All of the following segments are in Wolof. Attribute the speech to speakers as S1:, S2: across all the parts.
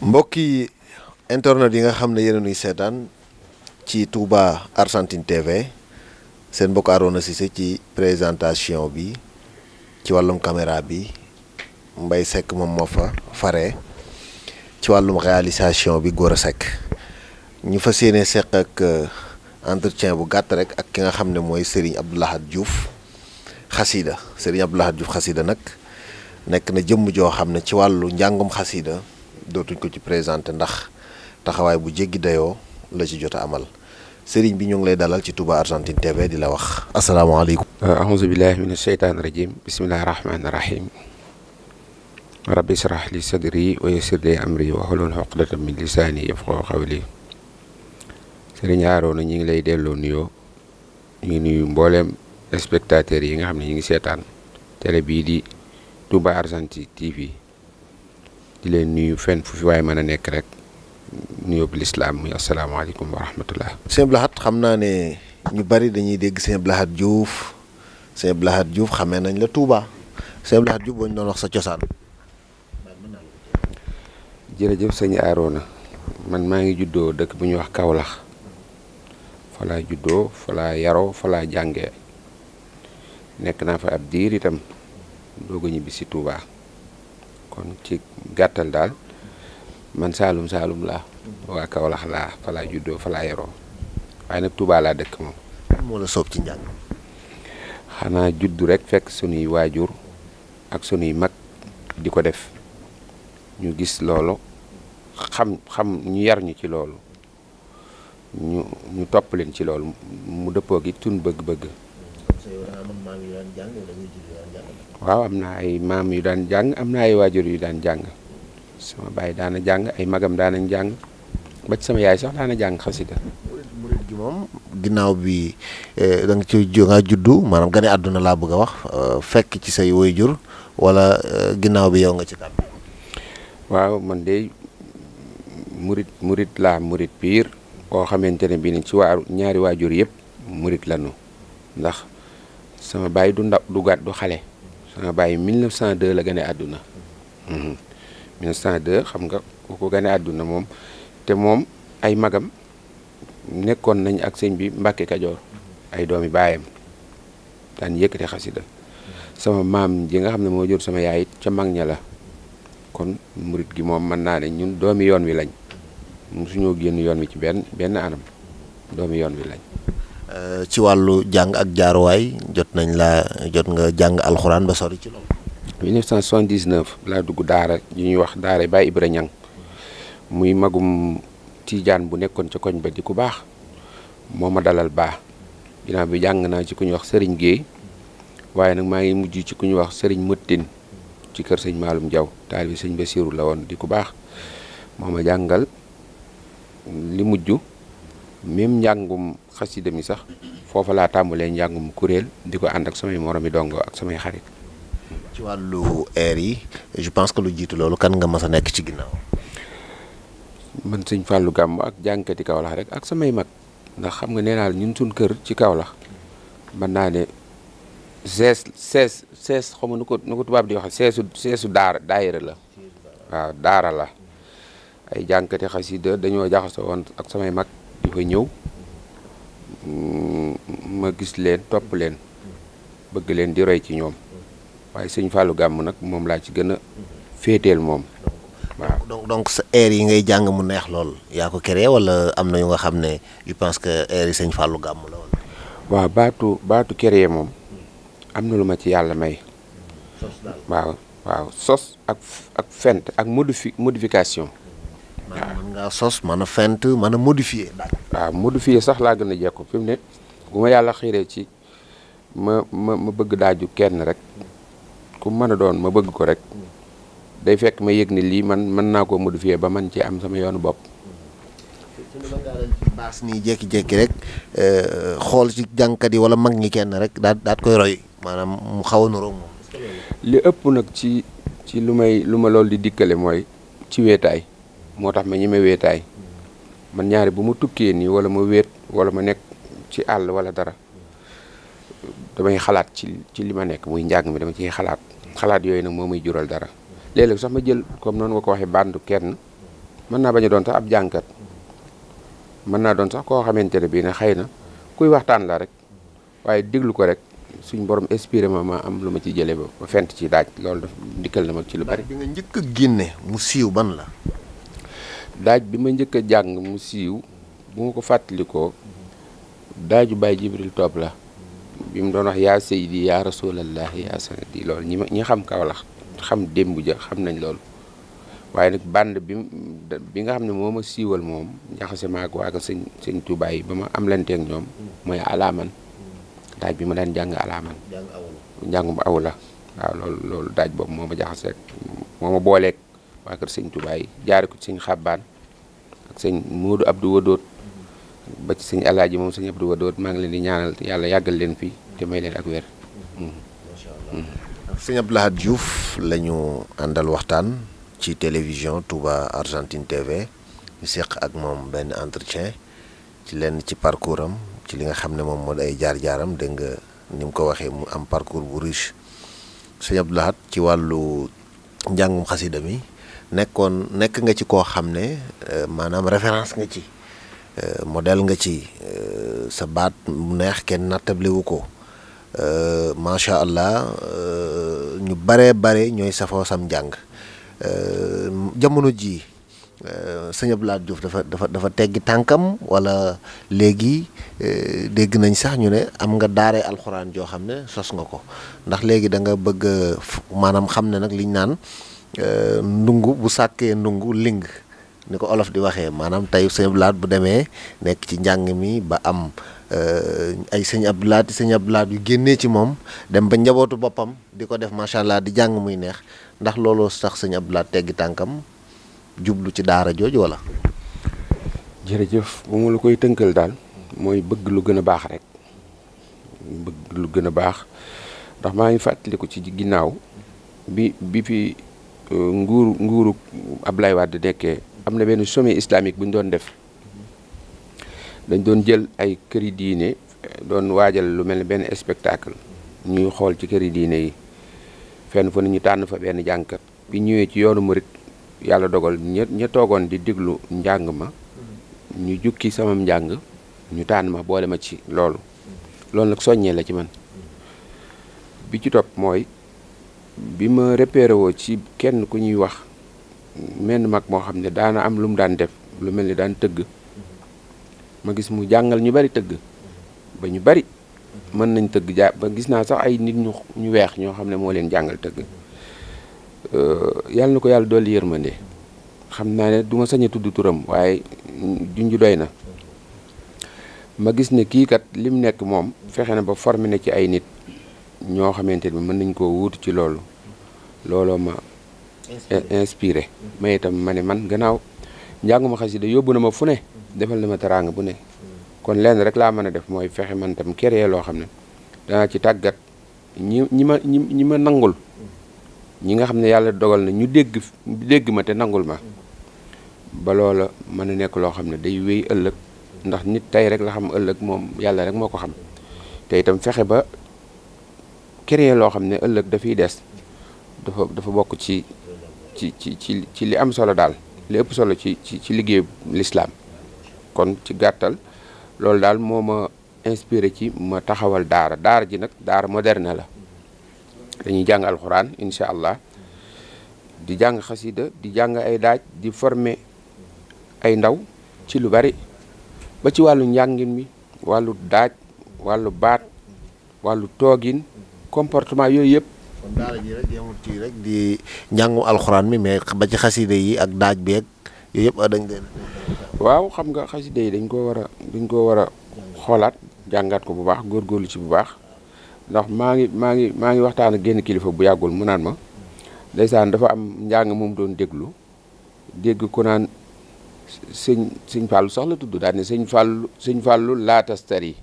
S1: mbokki internet yi nga xam ne yéen ñuy seetaan ci Touba Argentine TV seen mbokk Arona Cissé ci présentation bi ci wàllum caméra bi mbay sekk moom moo fa fare ci wàllum réalisation bi góor a Seck ñu fa yéene seq ak euh, entretien bu gàtt rek ak ki nga xam ne mooy Serigne Abdou Lahad Diouf xasida Serigne Abdou Lahad Diouf xasida nag nekk na jëmm joo xam ne ci wàllu njàngum xasida dootuñ ko ci présenté ndax taxawaay bu jéggi dayoo la ci jot amal sëriñ bi ñu ngi lay dalal ci Touba Argentine TV di la wax.
S2: asalaamaaleykum. aouzu ah, billahi min asheytaani rajim bismillahi rahmaani rahim rabbi israh li sadri wa yassir li amri wahlul uqdatan min lisaani yafqahu qawli sëriñ Aroona ñu ngi lay delloo nuyoo ñu ngi nuyu mbooleem spectateurs yi nga xam ne ñu ngi seetaan télé bii di Touba Argentine TV. di leen nuyu fenn fu fi waaye mën a nekk rek nuyoo bi lislaam muy asalaamaaleykum
S1: wa rahmatullah. sëñ Abdou xam naa ne ñu bari dañuy dégg sëñ Abdou Lahad Diouf sëñ Abdou Lahad nañ la Touba sëñ Abdou Lahad Diouf boo ñu doon wax sa cosaan. jërëjëf
S2: sëñ Aroona man maa ngi juddoo dëkk bu ñuy wax kawlax fa juddoo fa laa yaroo fa laa nekk naa fa ab diir itam doog a ñibbi si Touba. ci gàttal daal man Saalum Saalum la waa Kaolack laa fa juddoo fa laa yaroo waaye nag Touba dëkk moom. ci njàng. xanaa juddu rek fekk sunuy waajur ak sunuy mag di ko def ñu gis loolu xam xam ñu yar ñu ci loolu ñu topp leen ci loolu mu dëppoo gi tun bëgg-bëgg. waaw am na ay maam yu daan jàng am na ay waajur yu daan jàng sama baay daana jàng ay magam daanañ jàng ba sama yaay sax daana jàng xasida
S1: ginnaaw bi eh, da nga ci nga juddu maanaam gane àdduna laa bëgg a wax eh, fekk ci say waajur wala eh, ginnaaw bi yow nga ci tàbbi man de
S2: murid murid laa murid piir koo xamante ne bii ci waa ñaari waajur yëpp murid lanu ndax sama baay du ndaw du du xale sama bàyyi de la gane àdduna 1902 mhm. xam nga ku ko gane àdduna moom te moom ay magam nekkoon nañ ak sëñ bi Mbàkke Kajoor ay doomi baayam daan yëkkate xasida sama maam ji nga xam ne moo jur sama yaay ca mag ña la kon murit gi moom mën naa ne ñun doomi
S1: yoon wi lañ mosuñoo génn yoon wi ci benn benn anam doomi yoon wi lañ Euh, ci wàllu jàng ak jaaruwaay jot nañ laa jot nga jàng alxuraan ba sori ci loolu. 1979 laa dugg daara yu ñuy wax daara Baye Ibra Ñang
S2: muy magum tiijaan bu nekkoon ca koñ ba di ku baax moo ma dalal baax ginnaaw bi jàng naa ci ku ñuy wax sëriñ Guèye waaye nag maa ngi mujj ci ku ñuy wax Serigne Mëttin ci kër sëñ Maalum Diaw taalibi sëñ Basiiru la woon di ku baax moo ma jàngal li mujj même njàngum. xasida mi sax foofa laa tàmbalee njàngum kuréel di ko ànd ak samay moromi dongo ak samay xarit.
S1: ci wàllu air yi je pense que lu jiitu loolu kan nga mas a nekk ci ginnaaw.
S2: man sëñ Fallou Gàmmu ak jàngkati Kaolack rek ak samay mag ndax xam nga nee naa ñun suñ kër ci kawlax mën naa ne sees sees sees xaw ma nu ko nu ko tubaab di wax seesu seesu daara daayira la waaw daara la ay jàngkati xasida dañoo jaxasoo woon ak samay mag di fa ñëw. Mm, ma gis leen topp leen bëgg leen di roy ci ñoom waaye sëñ Fallou Gàmm nag moom laa ci gën a
S1: féeteel moom waa donc donc sa air yi ngay jàng mu neex lool yaa ko créé wala am na ñu nga xam ne je pense que air yi sëñ Fallou Gàmm la woon waaw baatu baatu créé moom am na lu ma ci yàlla may
S2: waaw waaw sos ak ak fent ak modifi modification waaw mën ngaa sos mën a fent mën a modifier daal. waaw ah, sax laa gën a jekku fi mu ne bu ma yàlla xiiree ci ma ma ma bëgg daaju kenn rek ku mën a doon ma bëgg ko rek day fekk ma yëg ni lii man mën naa ko modifier ba man
S1: ci am sama yoonu bopp. suñu la daal ci baas nii jékki-jékki rek eh, xool ci jànkat yi wala mag ñi kenn rek daal daal koy roy maanaam mu xaw a niróo moom. li ëpp nag ci ci lu may lu ma loolu di dikkale mooy ci weetaay.
S2: moo tax ma ñeme wéetaay man ñaari bu ma tukkee nii wala ma wéet wala ma nekk ci àll wala dara damay xalaat ci ci li ma nekk muy njàng mi dama ci xalaat xalaat yooyu nag moo may jural dara léeg-léeg sax ma jël comme noonu nga ko waxee bandu kenn mën naa bañ a doon sax ab jànkat mën naa doon sax koo xamante ne bii ne xëy na kuy waxtaan la rek waaye déglu ko rek suñ borom inspiré ma am lu ma ci jëlee ba fent ci daaj loolu daf ndikkal na ma ci lu bari. njëkk a génne mu siiw ban la. daaj bi ma njëkk a jàng mu siiw bu ma ko fàttalikoo daaju Baay Jibril Toob la bi mu doon wax yaa saydi yaa rasulallah yaa sanadi loolu ñi ma ñi xam Kaolack xam démb ja xam nañ loolu waaye nag band bi bi nga xam ne moo ma siiwal moom jaxase maa ak ba ma am lanteeg ñoom mooy alaaman daaj bi ma daan jàng alaaman njàngum aw la waaw loolu loolu daaj boobu moo ma jaxaseeg moo ma booleeg waa kër sëñ Tuubaa yi ko ci sëñ ak sëñ Modou Abdou Wadoot ba ci sëñ Alaaji moom sëñ Abdou Wadoot maa ngi leen di ñaanal yàlla yàggal leen fi te may leen ak wér. macha mm.
S1: allah mm. sëñ Abdou Lahad àndal waxtaan ci télévision Touba Argentine TV ñu seq ak moom benn entretien ci leen ci parcours am ci li nga xam ne moom moo ay jaar-jaaram dégg nga ni mu ko waxee mu am parcours bu riche sëñ Abdou Lahad ci wàllu njàngum xasida mi nekkoon nekk nga ci koo xam ne euh, maanaam référence nga ci euh, modèle nga ci euh, sa baat mu neex kenn nattabliwu ko macha allah ñu baree bare ñooy safoo sam njàng jamono ji sëñ Abdou Lahad Diouf dafa dafa dafa teggi tànkam wala léegi dégg nañ sax ñu ne am nga daare alxuraan joo xam ne sos nga ko ndax léegi da nga bëgg maanaam xam ne nag liñ naan. Euh, ndungu bu sàkkee ndungu ling ni ko olof di waxee maanaam tey sëñ Abdoulaat bu demee nekk ci njàng mi ba am euh, ay sëñ Abdoulaat yi yu génnee ci moom dem ba njabootu boppam di ko def macha allah di jàng muy neex ndax looloo sax sëñ Abdoulaat teggi tànkam jublu ci daara jooju wala. jërëjëf bu ma la koy tënkal daal mooy bëgg lu gën a
S2: baax rek bëgg lu gën a baax ndax maa ngi fàttaliku ci ginnaaw bi bi fi. Euh, nguur nguuru Ablaye Wade nekkee am na benn sommet islamique bu ñu doon def dañ doon jël ay këri diine doon waajal lu mel ne benn spectacle ñuy xool ci këri diine yi fenn fu ne ñu tànn fa benn jàngkat bi ñëwee ci yoonu murit yàlla dogal ña toogoon di déglu njàng ma ñu jukki sama njàng ñu tànn ma boole ma ci loolu loolu nag soññee la ci man bi ci topp mooy bi ma repéré woo ci kenn ku ñuy wax menn mag moo xam ne daana am lu mu daan def lu mel ni daan tëgg ma gis mu jàngal ñu bari tëgg ba ñu bari mën nañ tëgg ja ba gis naa sax ay nit ñu ñu weex ñoo xam ne moo leen jàngal tëgg yàlla na ko yàlla dolli yërmande xam naa ne du ma sañ a tudd turam waaye junj doy na ma gis ne kii kat lim nekk moom fexe na ba forme na ci ay nit ñoo xamante ni mën nañ koo wut ci loolu looloo ma inspiré ma itam ma ne man gannaaw njànguma xasida yóbbu na ma fu ne defal na ma teraanga bu ne kon lenn rek laa mën a def mooy fexe man tam créer loo xam ne danaa ci tàggat ñi ñi ma ñi ñi ma nangul ñi nga xam ne yàlla dogal na ñu dégg dégg ma te nangul ma ba loola mën a nekk loo xam ne day wéy ëllëg ndax nit tey rek la xam ëllëg moom yàlla rek moo ko xam te itam fexe ba créer loo xam ne ëllëg dafay des dafa dafa bokk ci ci ci ci ci li am solo daal li ëpp solo ci ci ci liggéey lislaam kon ci gàttal loolu daal moo ma inspiré ci ma taxawal daara daara ji nag daara moderne la dañuy jàng alxuraan incha allah di jàng di jàng ay daaj di forme ay ndaw ci lu bari ba ci wàllu njàngin mi wàllu daaj wàllu baat wàllu toogin comportement yooyu yëpp. kon daara
S1: rek di njàngu alxuraan mi mais ba ci xaside yi ak daaj bi ak yooyu yëpp waaw xam nga xaside yi dañ koo war a dañ koo war a xoolaat
S2: jàngaat ko bu baax góor góorlu ci bu baax ndax maa ngi maa ngi maa ngi waxtaan a génn kilifa bu yàggul mu naan ma ndeysaan dafa am njàng moom doon déglu dégg ku naan sëñ sëñ Fallou sax la tudd daal sëñ Fallou sëñ fàllu laatastar yi.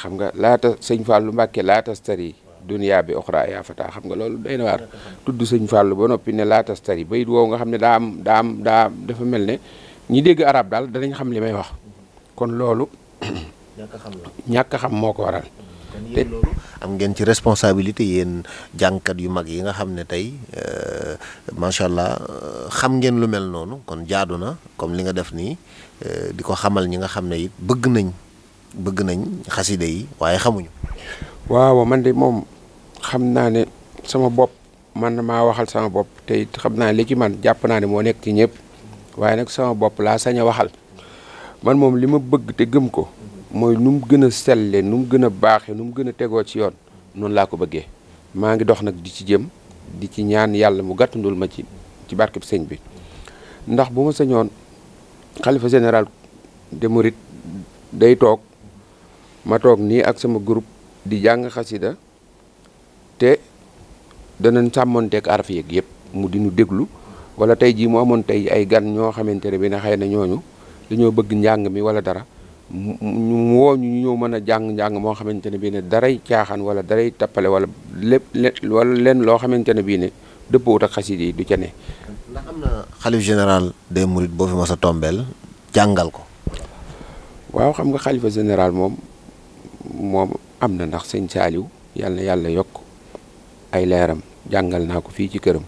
S2: xam nga laata sëñ Fallou Mbacke laatas tari duniyaa bi oxra yaa fataa xam nga loolu day na waar tudd sëñ Fallou ba noppi ne laatas tari bayit woow nga xam ne daa am daa am dafa mel ne ñi dégg arab daal danañ xam li may wax kon loolu
S1: ñàkk xam moo ko waral am ngeen ci responsabilité yéen jàngkat yu mag yi nga xam ne tey euh, macha allah euh, xam ngeen lu mel noonu kon jaadu na comme li nga def nii euh, di ko xamal ñi nga xam ne it bëgg nañ bëgg nañ xasida yi waaye xamuñu. waaw man de moom xam naa
S2: ne sama bopp man na maa waxal sama bopp te it xam naa li ci man jàpp naa ne moo nekk ci ñëpp waaye nag sama bopp laa sañ a waxal man moom li ma bëgg te gëm ko mooy nu mu gën a selle nu mu gën a baaxee nu mu gën a tegoo ci yoon noonu laa ko bëggee maa ngi dox nag di ci jëm di ci ñaan yàlla mu gàttandul ma ci ci barkeb sëñ bi ndax bu ma sañoon xalifa général de Mouride day toog. ma toog nii ak sama groupe di jàng xasida te danañ sàmmonteeg araf yeeg yëpp mu di ñu déglu wala tey jii mu amoon tey ay gan ñoo xamante ne bi na xëy na ñooñu dañoo bëgg njàng mi wala dara ñu woo mën a jàng njàng moo xamante ne bii ne daray caaxaan wala daray tappale wala lépp leen loo xamante ne bii ne dëppoowut ak xasida yi du ca ne. ndax am xalif
S1: général des mourides boo fi mas tombeel jàngal ko.
S2: waaw xam nga xalifa général moom moom am na ndax sëñ Saaliw yàlla na yàlla yokk ay leeram jàngal naa ko fii ci këram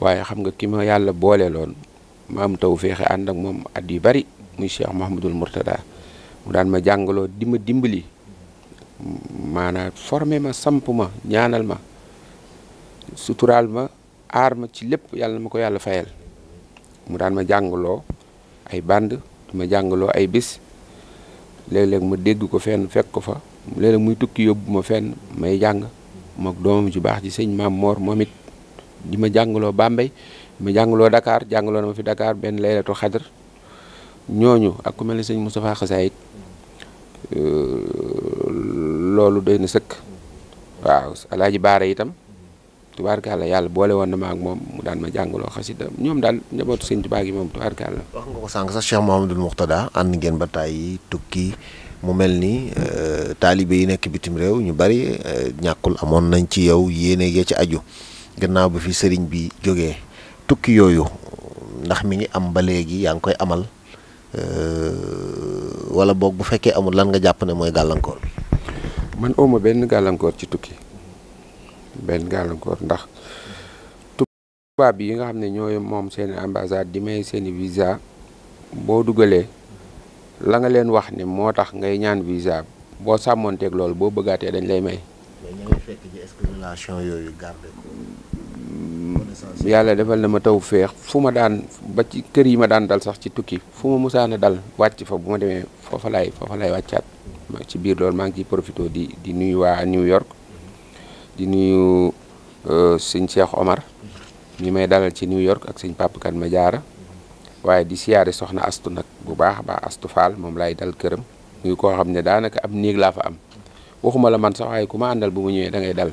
S2: waaye xam nga ki ma yàlla boole loon ma am taw féexe ànd ak moom at yu bari muy Cheikh Mahamadul Mourtada mu daan ma jàngaloo di ma dimbali maanaam formé ma samp ma ñaanal ma suturaal ma aar ma ci lépp yàlla ma ko yàlla fayal mu daan ma jàngaloo ay band ma jàngaloo ay bis léeg-léeg ma dégg ko fenn fekk ko fa léeg-léeg muy tukki yóbbu ma fenn may jàng mook doomam ju baax ji sëñ maam Mor moom it di ma jàngaloo Bambey ma jàngaloo dakaar jàngaloo na ma fi dakaar benn laylatu xadr ñooñu ak ku mel ne sëñ Moustapha Xasaayit euh, loolu doy na sëkk waaw alaaji baara itam tubaarkàlla yàlla boole woon na ak moom mu daan ma jàngaloo xasida ñoom daal njabootu sëñ Tuubaa gi moom tubaarkàlla. wax nga
S1: ko sànq sax Cheikh Mouhamadul Mourtada ànd ngeen ba tàyyi tukki mu mel ni euh, taalibe yi nekk bitim réew ñu bari euh, ñàkkul amoon nañ ci yow yéene gee ci aju gannaaw bi fi sëriñ bi jógee tukki yooyu ndax mi ngi am ba léegi yaa ngi koy amal euh, walla boog bu fekkee amul lan nga jàpp ne mooy gàllankoor bi. man awma benn gàllankoor ci tukki.
S2: benn gàllankoor ndax tubaab yi nga xam ne ñoo moom seeni ambassade di may seeni visa boo dugalee la nga leen wax ne moo tax ngay ñaan visa boo sàmmoon teeg loolu boo bëggaatee dañ lay may.
S1: Mm, yàlla
S2: defal na ma taw feex fu ma daan ba ci kër yi ma daan dal sax ci tukki fu ma musaana dal wàcc fa bu ma demee foofa laay foofa laay wàccaat ci biir loolu maa ngi ciy profité di di nuyu waa New York. di nuyu euh, sëñ Cheikh Omar mi may dalal ci New York ak sëñ Papa Kane ma jaara waaye di siyaare soxna astu nag bu baax baax astu faal moom lay dal këram muy koo xam ne daanaka am néeg laa fa am waxuma la man sax waaye ku àndal bu mu ñëwee da dal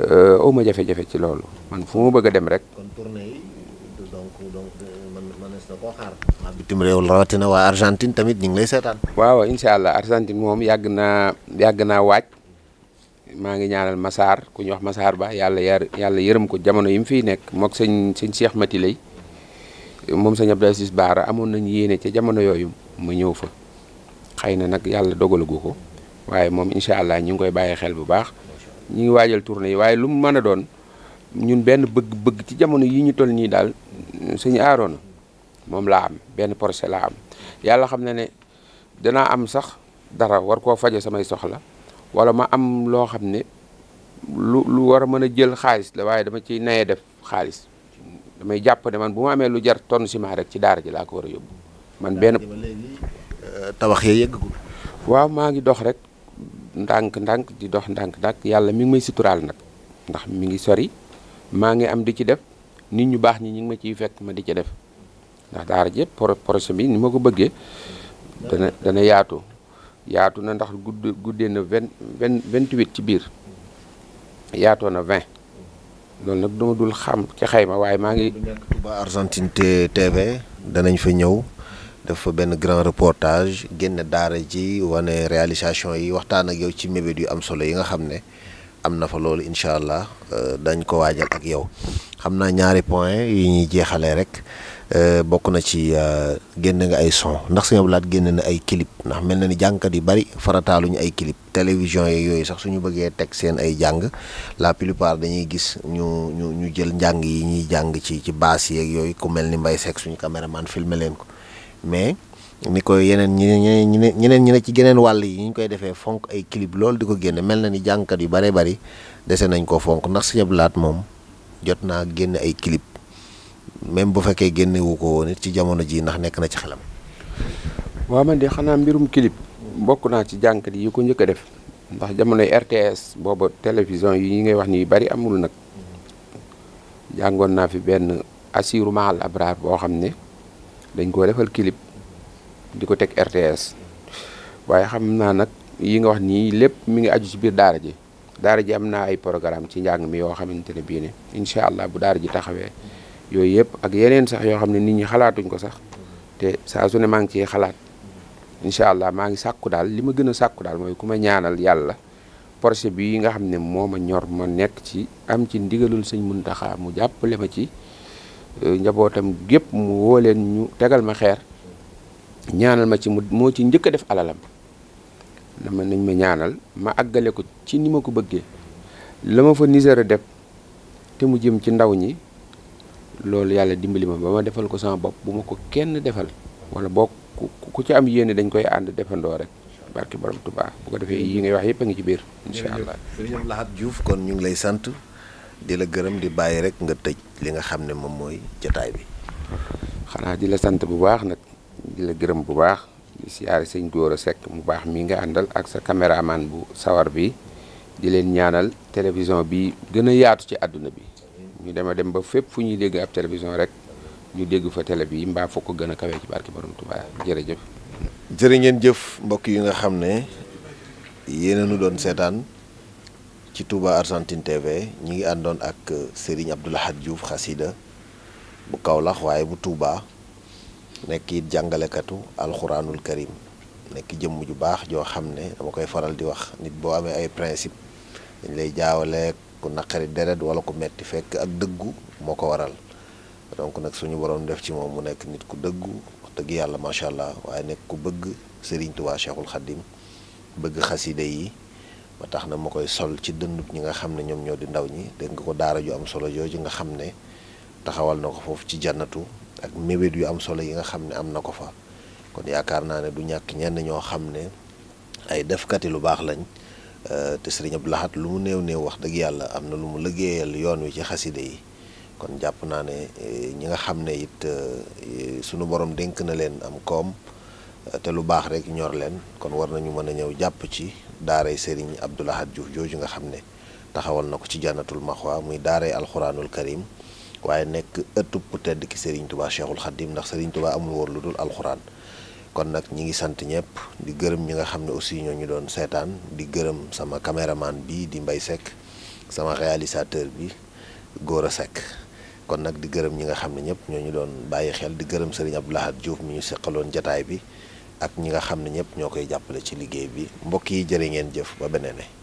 S2: euh, aw ma jafe-jafe ci loolu man fu ma bëgg dem rek.
S1: kon tournée yi donc
S2: donc na Argentine tamit ñu ngi lay seetaan. waaw incha allah Argentine moom yàgg naa yàgg naa waaj. maa ngi ñaanal masaar ku ñu wax Massar Ba yàlla yar yàlla yërëm ko jamono yi mu fiy nekk mook sëñ sëñ Cheikh Mati lay moom sëñ Abdou Aziz amoon nañ yéene ca jamono yooyu mu ñëw fa xëy na nag yàlla dogalagu ko waaye moom incha allah ñu ngi koy bàyyi xel bu baax ñu ngi waajal tournée yi waaye lu mu mën a doon ñun benn bëgg-bëgg ci jamono yi ñu toll nii daal suñu aaroona moom laa benn projet laa am yàlla xam na ne danaa am sax dara war koo faje samay soxla wala ma am loo xam ne lu lu war a mën a jël xaalis la waaye dama ciy naye def xaalis damay jàpp ne man bu ma amee lu jar tonn ciment rek ci daara ji laa ko war a yóbbu man
S1: benn euh, tabax yee
S2: yëggagul waaw maa ngi dox rek ndànk ndànk di dox ndànk ndànk yàlla mi ngi may suturaal nag ndax mi ngi sori maa ngi am di ci def nit ñu baax ñi ñu ngi ma ciy fekk ma di ca def ndax daara ji projet bi ni ma ko bëggee dana dana yaatoo yaatu na ndax gudd guddee na vingt vingt vingt huit ci biir yaatoo na vingt loolu nag dama dul xam ci xayma waaye maa ngi. Touba Argentine
S1: TV danañ fa ñëw def fa benn grand reportage génn daara ji wane réalisation yi waxtaan ak yow ci mébét yu am solo yi nga xam ne am na fa loolu incha allah euh, dañ ko waajal ak yow xam naa ñaari point yi ñuy jeexale rek. Euh, bokk na ci euh, génn nga ay son ndax Sëñ Abdou Lahad génn na ay clip ndax mel na ni jàngkat yu bari farataaluñu ay clip télévision yi yooyu sax suñu bëggee teg seen ay jàng la plupart dañuy gis ñu ñu ñu jël njàng yi ñuy jàng ci ci baas yeeg yooyu ku mel ni Mbaye Seck suñu caméraman filmer leen ko mais ni ko yeneen ñi ne ñeneen ñi ne ci geneen wàll yi ñu koy defee fonk ay clip loolu di ko génne mel na ni jàngkat yu bëree bëri dese nañ ko fonk ndax Sëñ Abdou laat moom jot naa génn ay clip même bu fekkee génnewu ko woon ci jamono ji ndax nekk na ci xelam. waaw man de xanaa mbirum clip
S2: bokk naa ci jànkat yi ko njëkk a def ndax jamonoy RTS boobu télévision yi ngay wax ni bari amul nag jàngoon naa fi benn Assirou Mahal Abrar boo xam ne dañ koo defal clip di ko teg RTS waaye xam naa nag yi nga wax nii lépp mu ngi aju ci biir daara ji daara ji am naa ay programme ci njàng mi yoo xamante ne bii ne incha allah bu daara ji taxawee. yooyu yëpp ak yeneen sax yoo xam ne nit ñi xalaatuñ ko sax te saa su ne maa ngi ciy xalaat incha allah maa ngi sàkku daal li ma gën a sàkku daal mooy ku ma ñaanal yàlla projet bii nga xam ne moo ma ñor ma nekk ci am ci ndigalul sëñ Muntaxa mu jàppale ma ci euh, njabootam gépp mu woo leen ñu tegal ma xeer ñaanal ma ci mu moo ci njëkk a def alalam dama nañ ma ñaanal ma àggale ko ci ni ma ko bëggee la ma fa Niger dem te mu jëm ci ndaw ñi loolu yàlla dimbali ma ba ma defal ko sama bopp bu ma ko kenn defal wala boo ku ci am yéene dañ koy ànd defandoo rek
S1: barki borom Tuubaa bu ko defee yi ngay wax yépp a ngi ci biir incha allah sëriñ Lahad Diouf kon ñu ngi lay sant di la gërëm di bàyyi rek nga tëj li nga xam ne moom mooy jataay bi
S2: xanaa di la sant bu baax nag di la gërëm bu baax di siyaare sëñ a sekk mu baax mii nga àndal ak sa caméraman bu sawar bi di leen ñaanal télévision bi gën a yaatu ci àdduna bi ñu dema dem ba fépp fu ñuy dégg ab télévision rek ñu dégg fa télé bi mbaa foo ko gën a kawee ci barki borom Tuubaa jërëjëf
S1: jërë jëf mbokk yi nga xam ne yéen a doon seetaan ci Touba Argentine TV ñi ngi àndoon ak Serigne Abdou Lahad Diouf xasida bu Kaolack waaye bu tuubaa nekk it jàngalekatu alxuraanul karim nekk jëmm ju baax joo xam ne dama koy faral di wax nit boo amee ay principe dañ lay jaawaleek ku naqari deret wala ko metti fekk ak dëggu moo ko waral donc nag suñu borom def ci moom mu nekk nit ku dëggu wax dëgg yàlla macha allah waaye nekk ku bëgg Serigne Touba Cheikhul Khadim bëgg xaside yi ba tax na ma koy sol ci dëndub ñi nga xam ne ñoom ñoo di ndaw ñi dégg nga ko daara ju am solo jooju nga xam ne taxawal na ko foofu ci janatu ak mébét yu am solo yi nga xam ne am na ko fa kon yaakaar naa ne du ñàkk ñenn ñoo xam ne ay defkati lu baax lañ Euh, te sëriñ Abdou lu mu néew néew wax dëgg yàlla am na lu mu liggéeyal yoon wi ci xaside yi kon jàpp naa ne euh, ñi nga xam ne it euh, sunu borom dénk na leen am koom te lu baax rek ñor leen kon war nañu mën a ñëw jàpp ci daaray sëriñ Abdou Lahad Diouf jooju nga xam ne taxawal na ko ci jànnatul maxwa muy daaray alxuraanul karim waaye nekk ëttub tedd ki sëriñ Touba Cheikhul Khadim ndax sëriñ Touba amul woon lu dul alxuraan. kon nag ñi ngi sant ñëpp di gërëm ñi nga xam ne aussi ñoo ñu doon seetaan di gërëm sama caméraman bi di mbay sekk sama réalisateur bi góor a sekk kon nag di gërëm ñi nga xam ne ñëpp ñoo ñu doon bàyyi xel di gërëm sëriñ Abdou Lahad Diouf mi ñu seqaloon jataay bi ak ñi nga xam ne ñëpp ñoo koy jàppale ci liggéey bi mbokk yi jërë ngeen jëf ba beneen